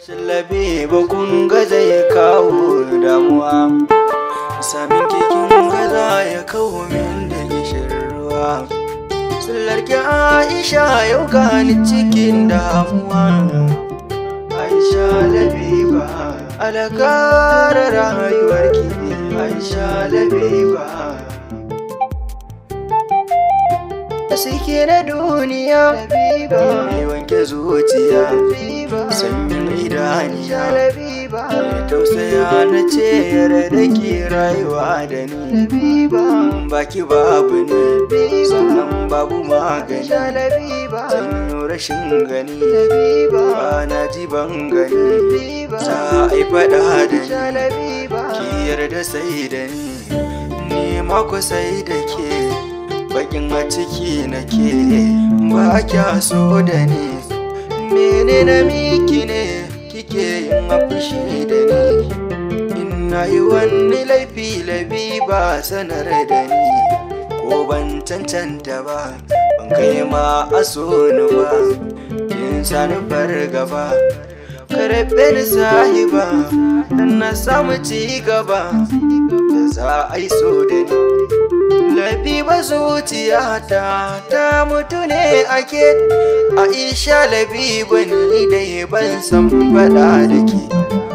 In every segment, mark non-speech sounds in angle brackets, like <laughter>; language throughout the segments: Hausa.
Shallabe ba kun gaza ya kawo damuwa, sabin kekin gaza ya kawo min da gishin ruwa. Sallarki Aisha yau gani cikin damuwa, Aisha labiba, alakarar rayuwarki, Aisha labiba. suke na duniya mai wanke zuciya sanyin idaniya mai tausaya na ce da ke rayuwa da ni baki babu ne sannan babu magani sanyo rashin gani ba na ji ban gani za a da ni ki yarda sai da ni ni mako sai da ke bakin a nake ba kya so da ni mene na miki ne kike yin afushi da ni ina yi wani laifi laifi ba sanar da ni ko ban cancanta ba ban kai ma a so ni ba kin sani fargaba karɓe ni sahiba na samu ci gaba da za a yi so da ni Labiba zuciyata ta mutu ne ake Aisha labiban ni da ban san faɗa da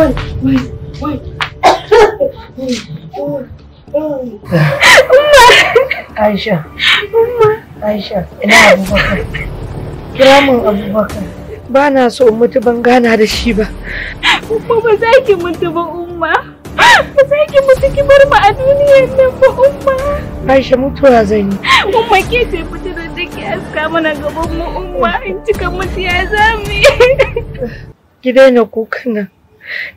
Wait, wait, wait. <laughs> Aisha. ina Abubakar. Kira min Abubakar. Ba na so in mutu ban gana da shi ba. Umma ba za ki mutu ba Umma. Ba za ki mutu ki bar mu a duniyar nan ba Umma. Aisha mutuwa zan yi. Umma ke ce fita da take aska mana gaban mu Umma in cika mutu ya zame. Ki daina kukan nan.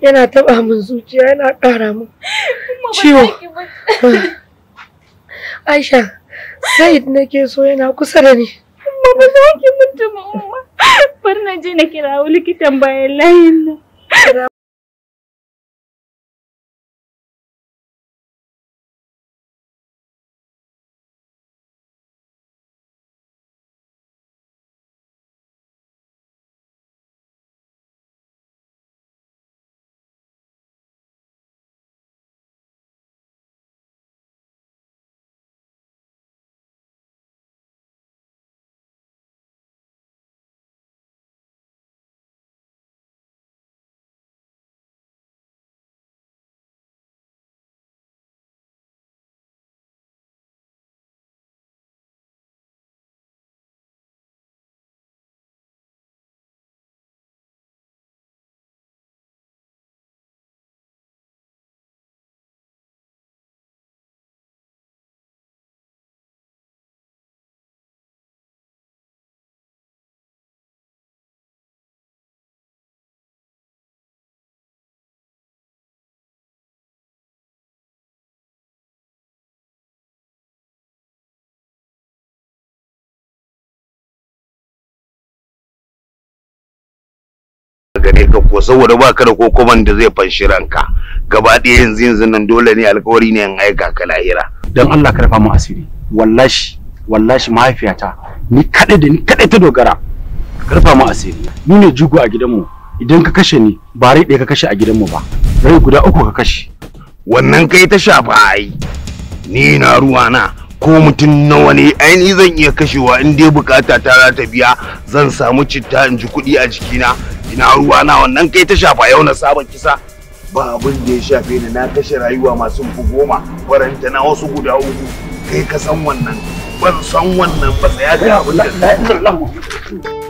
yana taba min zuciya yana kara min ciwo ah, aisha said nake so yana kusa da ni ba za ki mutu ba bar na je na kirawo likitan bayan layin nan gare ka ko saboda ba da ko da zai fanshi ranka gaba ɗaya yanzu yanzu nan dole ne alkawari ne in aika ka lahira don Allah ka rafa mu asiri wallahi wallahi mahaifiyata ni kadai da ni kadai ta dogara ka rafa mu asiri ni ne jugo a gidanmu idan ka kashe ni ba rai ɗaya ka kashe a gidanmu ba rai guda uku ka kashe wannan kai ta shafa ai ni na ruwana ko mutum nawa ne ainihi zan iya kashewa in dai bukata ta ta biya zan samu citta in ji kuɗi a jikina ina ruwa na wannan kai ta shafa yau na sabon kisa ba abin da ya shafe ni na kashe rayuwa masu goma faranta na wasu guda uku kai ka san wannan ban san wannan ba tsaya da abin da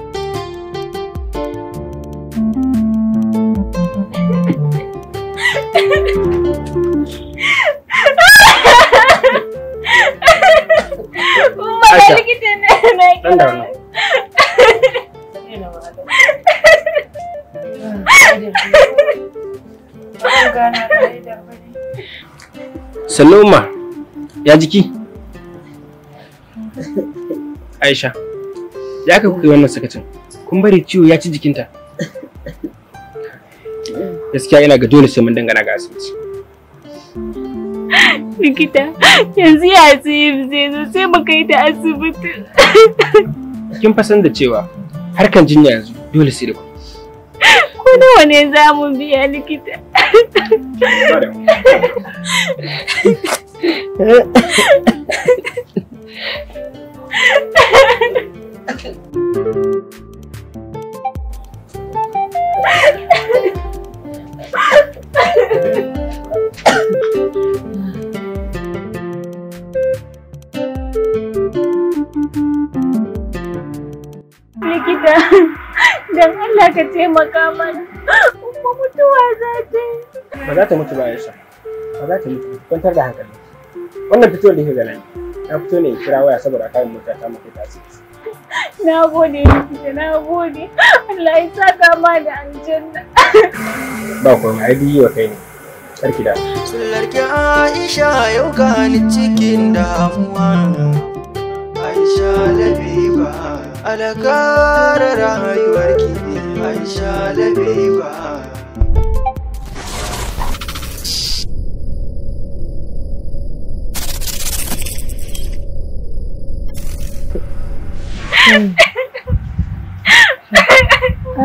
sannu umma ya jiki aisha ya ka kuka wannan sakacin kun bari ciwo ya ci jikinta gaskiya ina ga dole sai mun dangana ga asibiti likita yanzu ya ce zai sai mu kai ta asibiti kin fasan da cewa harkan jinya yanzu dole sai da ku ko nawa ne za mu biya likita Likita, don Allah ka taimaka mana, mutuwa ba za ta mutu ba Aisha ba za ta mutu kwantar da hankali wannan fitowar da ke gana na fito ne kira waya saboda kayan mota ta ta tasiri na gode miki na gode Allah ya ma da aljanna ba komai ai duk wa kai ne sarki da sallarki Aisha yau ka ni cikin damuwa Aisha labiba alakara Aisha labiba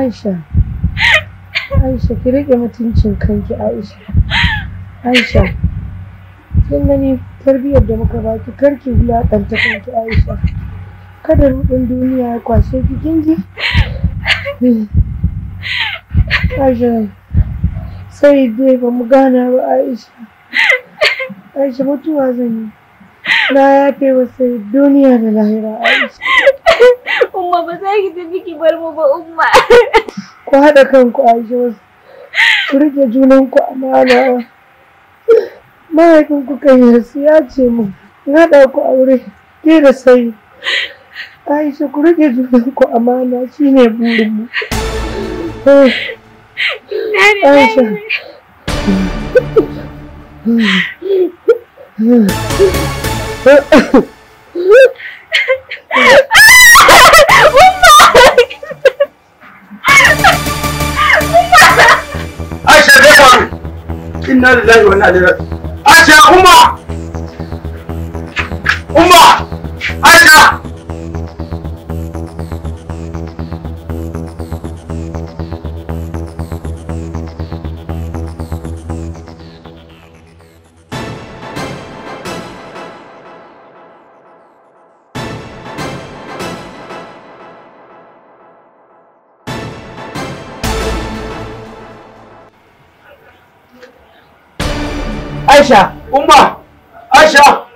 Aisha. Aisha ki rike mutuncin kanki Aisha. Aisha. Kin gani tarbiyyar da muka baki karki wulaƙanta kanki Aisha. Kada rudin duniya ya kwashe ki kinji. Aisha. Sai dai ba mu gana ba Aisha. Aisha mutuwa zan yi. Na yafe wa sai duniya da lahira Aisha. Umma ba za ki tafi ki bar mu ba umma. Ku haɗa kanku a wasu. Ku rike junanku amana. Mahaifinku kan yasu ya ce mu. In haɗa ku aure ke da sai. Aisha ku rike junanku amana shine burinmu. Aisha. Ha inna lillahi wa inna ilaihi aisha umma umma aisha Aisha. Umma. Aisha.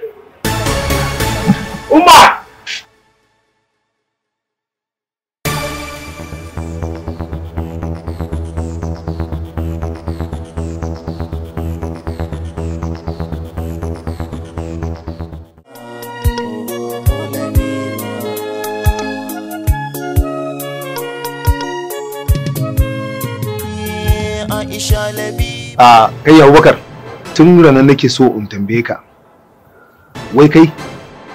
Umma. Aisha Ah, kai Abubakar. tun ranar nake so in tambaye ka wai kai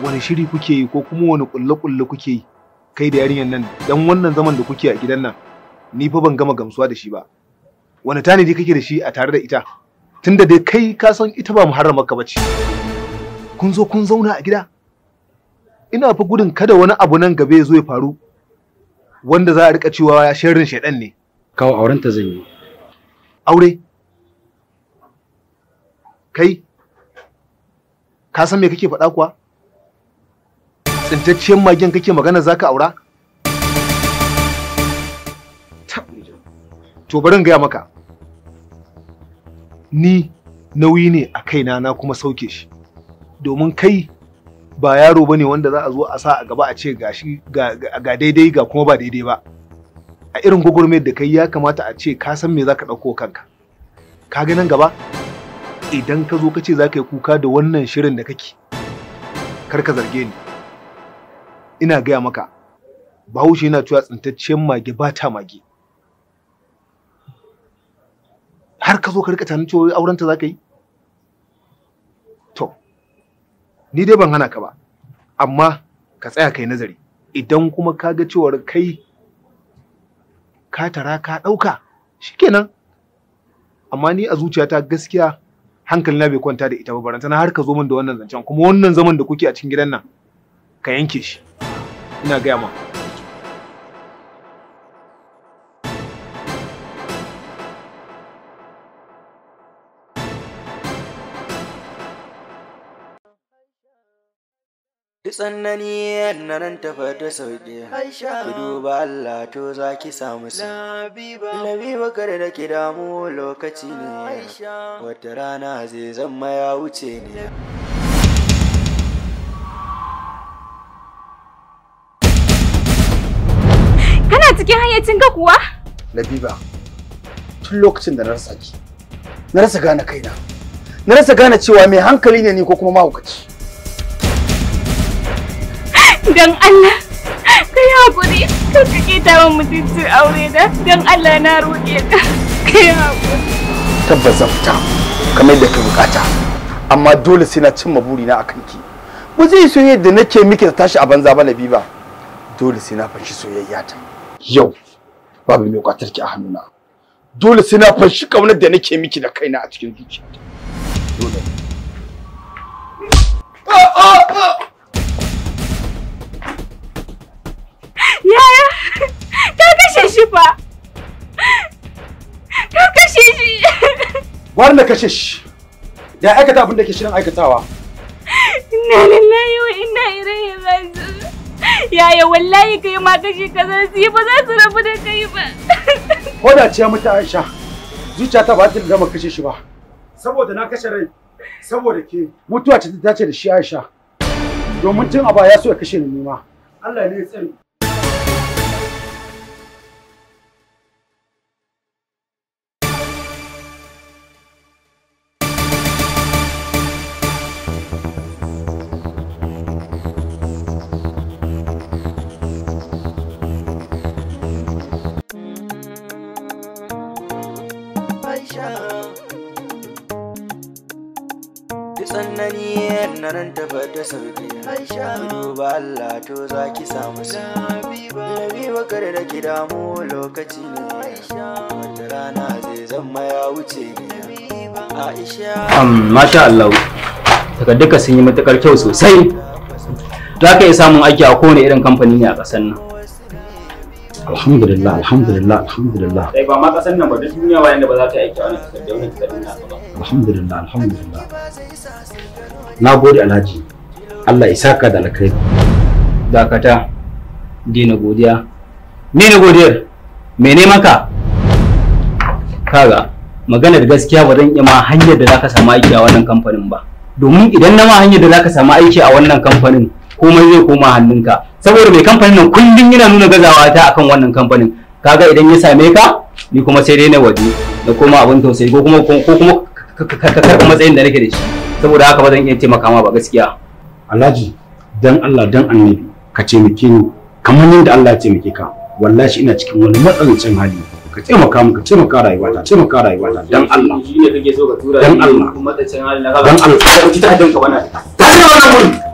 wani shiri kuke yi ko kuma wani kulle-kulle kuke yi kai da yarinyar nan dan wannan zaman da kuke a gidan nan ni fa ban gama gamsuwa da shi ba wani tanadi kake da shi a tare da ita tunda dai kai ka san ita ba muharramar ka ce kun zo kun zauna a gida ina fa gudun kada wani abu nan gabe ya zo ya faru wanda za a rika cewa sharrin shaidan ne kawo aurenta zan yi aure kai ka san me kake faɗa kuwa tsintacciyar magen kake magana zaka aura to barin gaya maka ni nauyi ne a kaina na kuma sauke shi domin kai ba yaro bane wanda za a zo a sa a gaba a ce gashi ga daidai ga kuma ba daidai ba a irin gwagwarmayar da kai ya kamata a ce ka san me za ka ɗauko kanka ka ga nan gaba idan ka zo ka ce za ka yi kuka da wannan shirin da kake kar ka zarge ni ina gaya maka bahaushe yana cewa tsintaccen mage ba ta mage har ka zo ka rika tunanin cewa aurenta za ka yi to ni dai ban hana ka ba amma ka tsaya kai nazari idan kuma ka ga cewar kai ka tara ka ɗauka shikenan amma ni a zuciyata gaskiya hankali na bai kwanta da ita ba barantana har ka zo min da wannan zancen kuma wannan zaman da kuke a cikin gidan nan ka yanke shi ina gaya ma tsanani na nan tafa ta sauke ki duba Allah to za ki samu su labiba kare da ki damu lokaci ne wata rana zai zama ya wuce ne kana cikin hayyacin ga kuwa labiba tun lokacin da na rasa ki na rasa gane kaina na rasa gane cewa mai hankali ne ni ko kuma mahaukaci dan Allah, ka yi haƙuri, ka kake ta min aure da don Allah na roƙe ka, ka yi haƙuri. Tabbas fita, kamar yadda ka bukata, amma dole sai na cimma na a ki. Ba zai so yadda nake miki ta tashi a banza ba ba. dole sai na fanshi soyayya ta. Yau, babu mai bukatar a hannuna. Dole sai na fanshi kaunar da nake miki da kaina a cikin zuciyata. Gwar na kashe shi. Da aikata abin da ke shirin aikatawa. Inna lillahi wa inna ilaihi raji'un. Yaya wallahi kai ma kashi ka zan su ba za su rabu da kai ba. Ko da ce mutu Aisha ta ba ta gama kashe shi ba. Saboda na kashe rai saboda ke mutuwa ce ta dace da shi Aisha. Domin tun a baya so ya kashe ni ma. Allah ne ya tsare. gani na nan tafa ta sauki aisha duba Allah to za ki samu sabi bakar da ki damu lokaci ne wata rana zai zama ya wuce ne aisha masha Allah duka sun yi matukar kyau sosai za ka samun aiki a kowane irin kamfani ne a ƙasar nan alhamdulillah alhamdulillah alhamdulillah kai eh, ba ma kasan nan ba duk duniya ba yanda ba za ta aiki wani da wani kitabin naka ba alhamdulillah alhamdulillah na gode alhaji Allah isa ka da alkhairi dakata dina godiya mene godiyar ne maka kaga maganar gaskiya ba zan iya ma hanyar da zaka samu aiki a wannan kamfanin ba domin idan na ma hanyar da zaka samu aiki a wannan kamfanin komai zai koma hannunka saboda mai kamfanin nan kullum yana nuna gazawa ta akan wannan kamfanin kaga idan ya same ka ni kuma sai dai na waje da koma abin tausayi ko kuma ko kuma karɓi matsayin da nake da shi saboda haka ba zan iya taimaka ma ba gaskiya Alhaji dan Allah dan annabi ka taimake ni kamar yadda Allah ya taimake ka wallahi ina cikin wani matsalolin hali ka taimaka mu ka taimaka rayuwata taimaka rayuwata dan Allah shine kake so ka tura dan Allah kuma da Allah dan Allah ka ta hadin ka bana ta wannan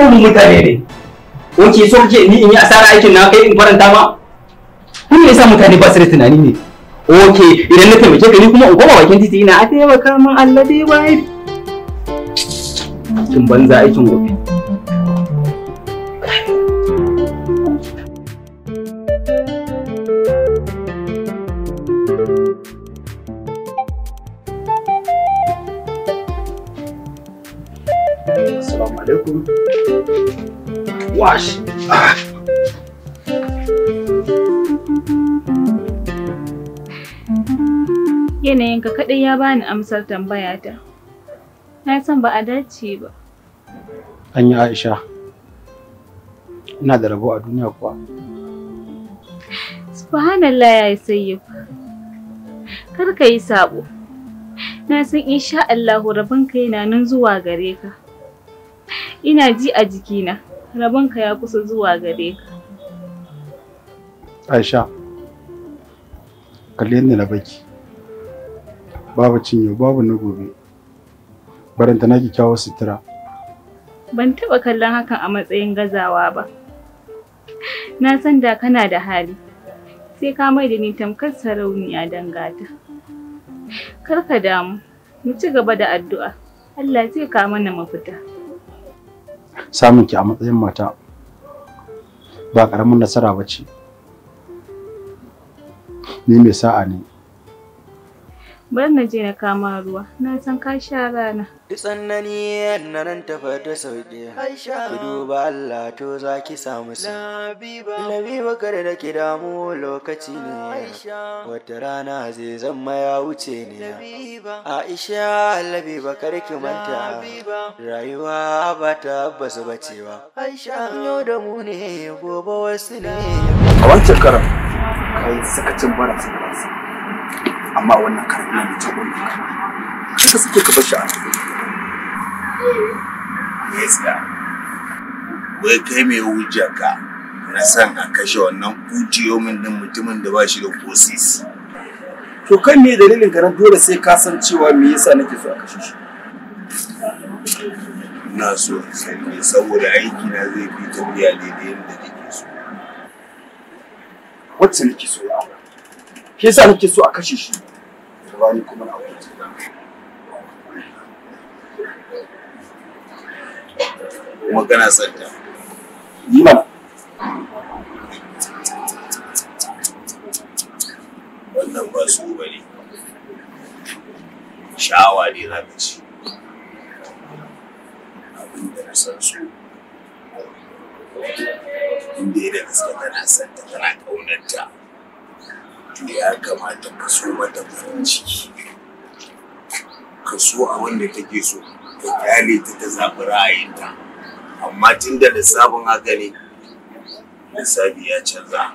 samun mutane ne wace so ni in yi asara aikin na kai in faranta ma kun ne sa mutane ba su da tunani ne oke idan na taimake ka ni kuma in koma bakin titi ina a taimaka min Allah dai bai kin banza aikin gobe wash. Yanayinka kaɗai ya bani amsar tambayata. Na san ba a dace ba. An yi Aisha. Ina da rabo a duniya kuwa. Subhanallah ya yi Kar ka yi sabo. Na san insha Allahu rabonka yana nan zuwa gare ka. Ina ji a jikina. rabonka ya kusa zuwa gare ka. Aisha, kalli yadda na baki. Babu cinyo, babu na gobe. Baranta na kyakkyawar sutura. Ban taɓa kallon hakan a matsayin gazawa ba. Na san da kana da hali, sai ka mai da ni tamkar sarauniya dangata. Kar ka damu, mu ci gaba da addu'a. Allah zai ka mana mafita. samun ki a matsayin mata ba ƙaramin nasara ba ce ni mai sa'a ne Bari na je na kama ruwa, na san ka sha rana. Duk tsanani na nan tafa ta sauƙi, Ku duba Allah to za ki samu su. ba kar da ki damu lokaci ne, wata rana zai zama ya wuce ne. Aisha ba kar ki manta, rayuwa ba ta basu bacewa. Yau da mu ne, gobe wasu ne. A wancan karan, kai sakacin bara sun amma wannan karin ina mai taɓo ne kasa suke ka bashi a ya tsaya wai kai mai hujja ka na san a kashe wannan min din mutumin da ba shi da kosis to kan me dalilin karan dole sai ka san cewa me yasa nake so a kashe shi ina so sani saboda aiki na zai fi tafiya daidai yadda nake so wacce nake so ya aura ke sa nake so a kashe shi ذلكم العظيم kuma kana santa yi wannan ba su ba sha'awa ne na ka Abinda abin da na san su inda ya da gaske tana santa tana ta ya kamata ka so mata farin ciki ka so a wanda take so ka kyale ta ta zaɓi ra'ayinta amma tun da lissafin haka ne lissafi ya canza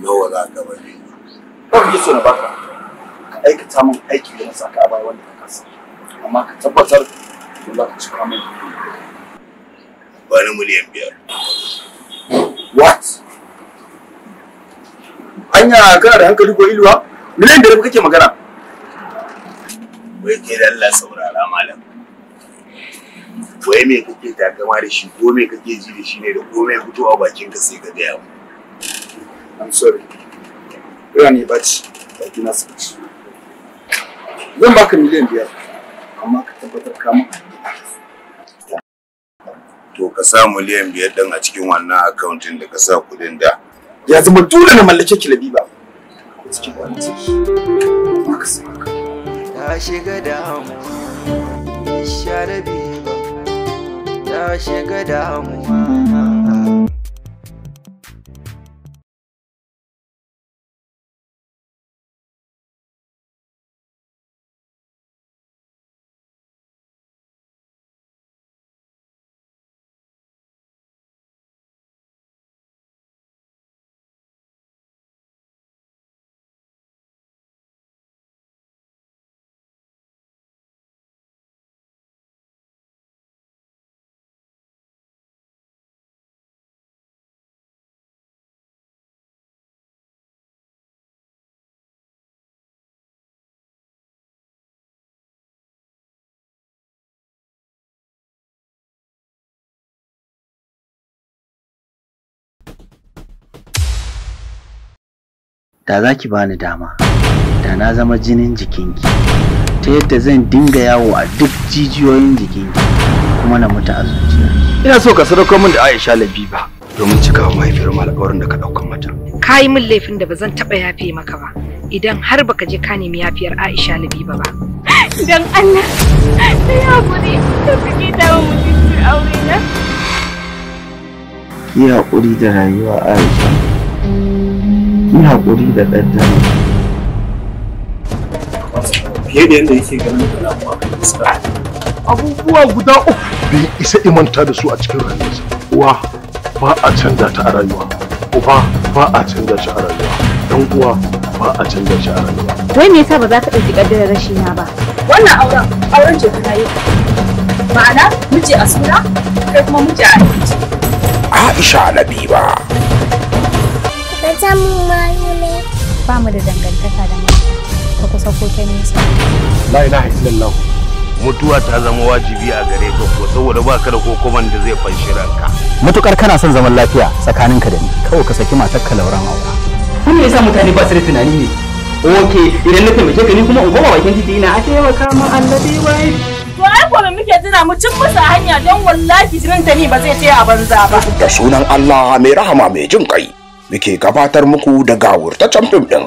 nawa za ka bari kawai yi so na baka ka aikata min aiki da na saka a wanda ka kasa amma ka tabbatar da za ka cika min bani miliyan biyar what anya kana da hankali ko iluwa miliyan da kake magana wai ke da Allah saurara malam wai me kuke takama da shi ko me kake ji da shi ne da ko me fito a bakin ka sai ka gaya mu I'm sorry ina ne baci baki na sabaci zan baka miliyan biyar amma ka tabbatar ka maka to ka sa miliyan biyar din a cikin wannan akaunt da ka sa kudin da ya zama dole na mallake ki labiba ta shiga damuwa ta shiga damuwa da za ki bani dama da na zama jinin jikinki ta yadda zan dinga yawo a duk jijiyoyin jikinki kuma na mutu a zuciya ina so ka sadaukar min da aisha labiba domin cikawa mahaifiyar alƙawarin da ka ɗaukan mata ka yi min laifin da ba zan taɓa yafe maka ba idan har baka je ka nemi yafiyar aisha labiba ba idan allah ta yi haƙuri ta suke dawo mutum aure na ki haƙuri da rayuwa aisha yi haƙuri da ɗaddare. Fiye da yadda yake ganin da damuwa fuska. Abubuwa guda uku bai isa imanta da su a cikin rayuwarsa. Uwa ba a canza ta a rayuwa. Uba ba a canza shi a rayuwa. Dan uwa ba a canza shi a rayuwa. Wai me yasa ba za ka ɗauki ƙaddarar rashi na ba? Wannan auren auren ce ta yi. Ma'ana miji a suna kai kuma miji a aiki. Aisha Labiba. mu mayu ne. Ba mu da dangantaka da mata, ta kusa ko ta nesa. La ilaha illallah. Mutuwa ta zama wajibi a gare ka ko saboda ba ka da kokoman da zai fanshi ranka. Matukar kana son zaman lafiya tsakaninka da ni, kawai ka saki matarka lauran aura. Kun me yasa mutane ba su da tunani ne? Oke, idan na taimake ka ni kuma in goma bakin titi ina a taimaka ma Allah dai wai. To ai ko me muke jira mu cin musu hanya don wallahi jinin ta ni ba zai ce a banza ba. Da sunan Allah mai rahama mai jin kai. muke gabatar muku da gawur ta camfim ɗin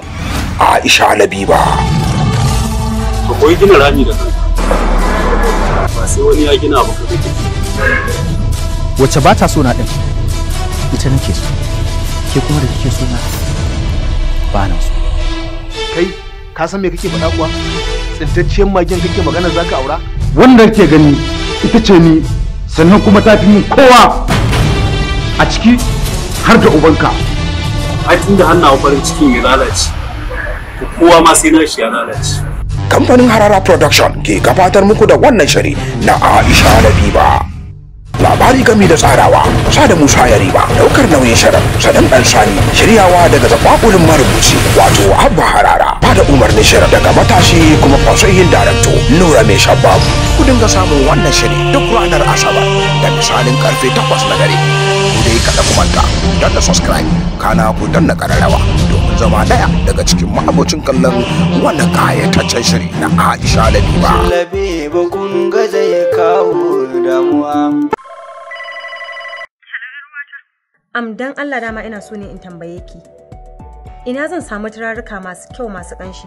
Aisha Labiba. Akwai gina rami da kanka, ba sai wani ya gina ba kuma Wace ba ta na din Ita nake so, ke kuma da kike sona ba na so. Kai, ka san me kake faɗa kuwa? Tsintacciyar magen kake magana za ka aura? Wanda ke gani ita ce ni sannan kuma ta fi kowa a ciki har da ubanka. ai tun da hannawa farin cikin ya lalace kowa ma sai nashi ya lalace kamfanin harara production ke gabatar muku da wannan shiri na aisha labiba labari game da tsarawa da musa ya riba daukar nauyin sharar sadan dan sani shiryawa daga zabakulin marubuci wato abba harara ba da umarnin shirar daga matashi kuma fasihin darakto nura mai shababu ku dinga samun wannan shiri duk ranar asabar da misalin karfe takwas na dare ku dai kada ku manta don da subscribe kana ku na kararrawa domin zama daya daga cikin ma'abocin kallon wannan kayataccen shiri na aisha labiba labiba kun ga zai kawo damuwa am dan Allah dama ina so ne in tambaye ki ina zan samu turaruka masu kyau masu ƙanshi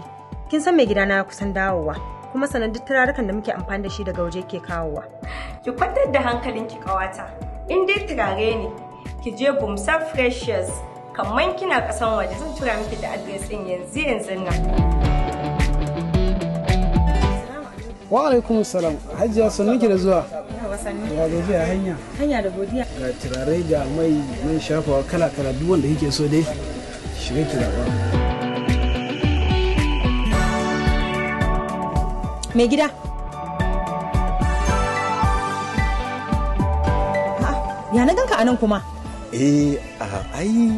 kin san mai gidana ya kusan dawowa kuma sanan duk turarukan da muke amfani da shi daga waje ke kawowa ki kwantar da hankalin ki kawata in dai turare ne ki je bumsa freshers kamar kina kasan waje zan tura miki da adres din yanzu yanzu nan wa alaikum salam hajiya sannu ki da zuwa ya hanya hanya da godiya turare ga mai mai shafawa kala kala duk wanda kike so dai Şireti de var. Mai Ya na anan kuma? Eh, ai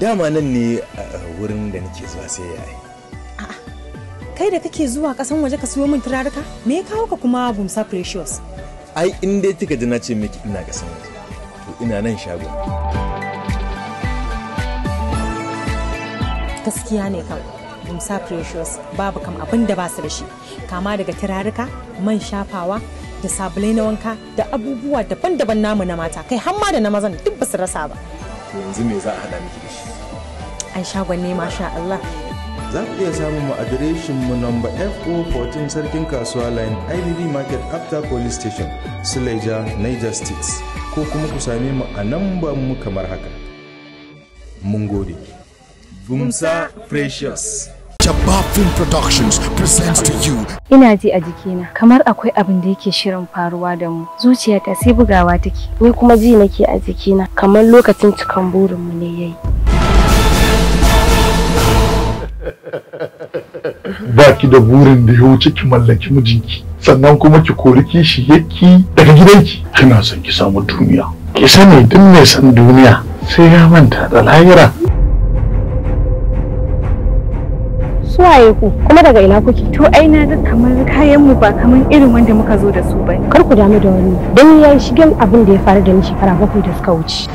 dama nan ne wurin da nake zuwa sai ya yi. Kai da kake zuwa kasan waje ka siyo min turaruka? Me ya kawo ka kuma Bumsa Precious? Ai in dai kika ji na ce miki ina kasan waje. To ina nan shagon. gaskiya ne kam Musa Precious babu kam abin da basu da shi kama daga turaruka man shafawa da sabulai na wanka da abubuwa daban-daban namu na mata kai hamma da na mazan duk basu rasa ba yanzu me za a hada miki da shi an shagwanne masha Allah za ku iya samun mu adireshin mu namba fo 14 sarkin kasuwa line ibb market after police station suleja niger state ko kuma ku same mu a namban mu kamar haka mun gode Bumsa Precious. Jabba Film Productions presents to you. Ina ji a jikina kamar akwai abin da yake shirin faruwa da mu. Zuciyata sai bugawa take. Ni kuma ji nake a jikina kamar lokacin cikan burinmu ne yayi. <laughs> ba ki da burin da ya wuce ki mallaki mijinki sannan kuma ki kori kishi yaki daga gidanki kina son ki samu duniya ki sani duk mai san duniya sai ya manta da lahira suwaye ku kuma daga ina kuke to ai na ga kamar kayan mu ba kamar irin wanda muka zo da su bane kar ku damu da wani dan yayi shigen abin da ya faru da ni shekara bakwai da suka wuce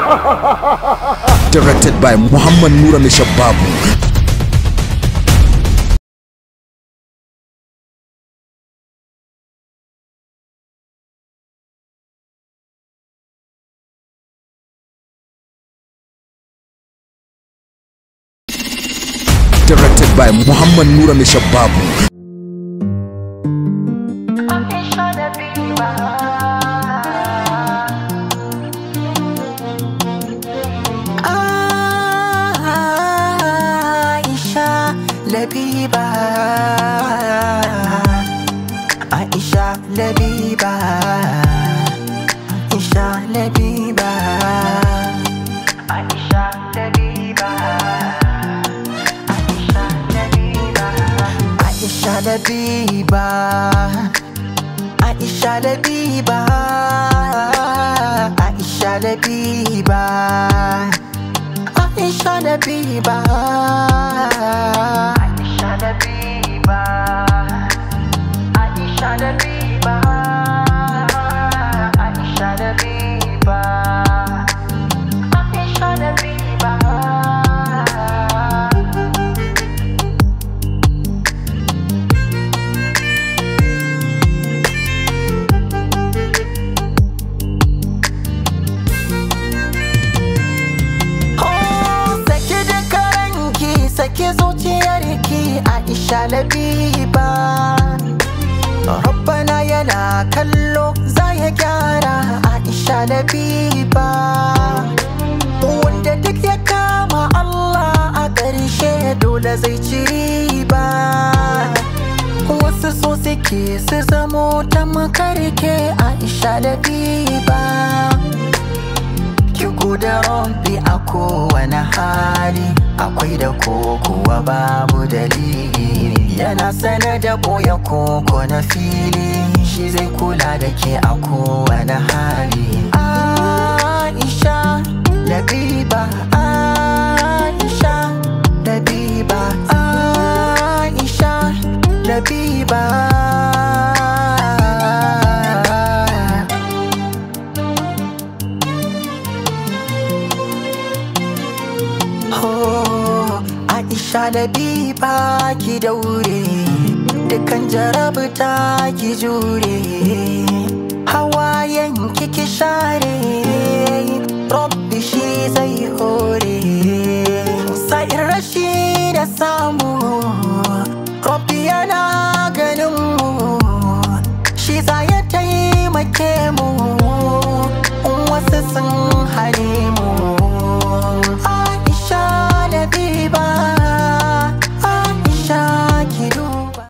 <laughs> directed by Muhammad Nura Mishababu by Muhammad Nura Mishababu. diva Aisha the diva Aisha the diva Aisha the diva Aisha the diva Aisha the diva ya labiba rabbana yana kallo za ya gyara aisha labiba wanda duk ya kama allah a ƙarshe dole zai ci ba wasu so suke su zamo ta makarke aisha labiba ki guda rompi a kowane hali akwai da koko wa babu dalili yana sana da boya koko na fili shi zai kula da ke a kowane hali aisha labiba aisha labiba aisha labiba da ki daure dukan jarabta ki jure hawayen ki share rabbi shi zai hore sa'in rashi da samu rabbi yana ganin mu shi za ya taimake mu wasu sun hare mu Aisha da Biba